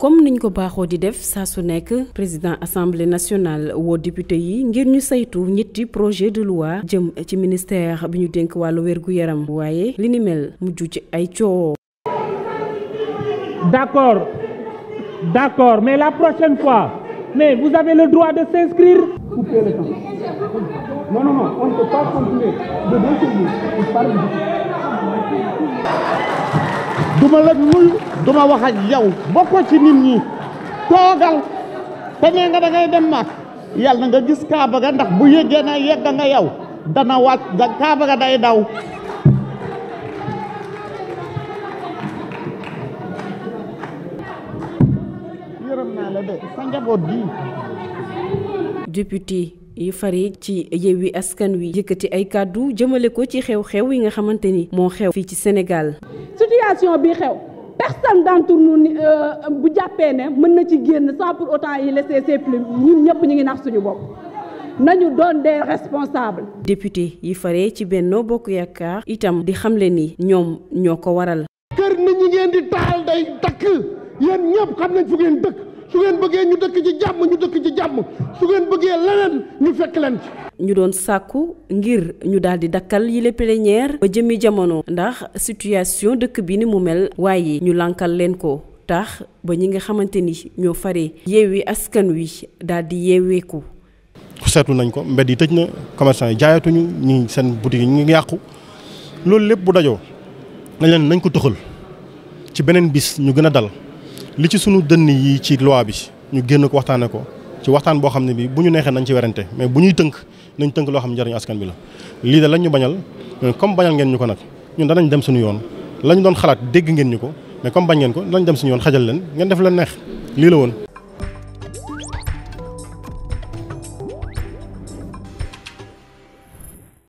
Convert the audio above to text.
comme niñ ko baaxoo di def saa su nekk président assemblée nationale woo député yi ngir ñu saytu ñetti projet de loi jëm ci ministère bi ñu dénk wàllu wér-gu-yaram waaye li ni mujj ci ay coow. d'accord d'accord mais la prochaine fois mais vous avez le droit de s'inscrire. Non, non, du ma la nuyu du ma wax ak yow bokkoo ci nit ñi toogal te nee nga da dem mag yàlla na nga gis kaaba ga ndax bu yéggee na yegg nga yow dana wàcc da kaaba ga day daw yërëm naa la de sa njaboot gi député yi fari ci Yewwi Askan Wi yëkkati ay kàddu jëmale ko ci xew-xew yi nga xamante ni moo xew fii ci senegal situation bi xew personne d'entre nous euh, bu jàppee ne mën na ci génn sans pour autant laisser ses plumes ñun ñëpp ñu ngi nax suñu bopp. nañu doon des responsables. député yi fare ci Benno Bokk Yaakaar itam di xamle ni ñoom ñoo ko waral. kër nit ñi ngeen di taal day takk yéen ñëpp xam nañ fu ngeen dëkk. su ngeen bëggee ñu dëkk ci jàmm ñu dëkk ci jàmm su ngeen bëggee leneen ñu fekk leen ci. ñu doon sàkku ngir ñu daal di dakkal yile plénière ba jëmmi jamono ndax situation dëkk bi ni mu mel waaye ñu lànkal leen ko tax ba ñi nga xamante ni ñoo fare yeewi askan wi daal di yeeweeku. seetlu nañ ko mbedd yi tëj na commerçant yi jaayatuñu ñi seen boutique yi ñu ngi yàqu loolu lépp bu dajoo nañ leen nañ ko toxal ci beneen bis ñu gën a dal. li ci sunu dënn yi ci loi bi ñu génn ko waxtaane ko ci waxtaan boo xam ne bi bu ñu neexee nañ ci werante mais bu ñuy tënk nañ tënk loo xam ne njëriñu askan bi la lii de lañ ñu bañal comme bañal ngeen ñu ko nag ñun danañ dem suñu yoon lañu doon xalaat dégg ngeen ñu ko mais comme bañ ngeen ko danañ dem suñu yoon xajal leen ngeen def leen neex lii la woon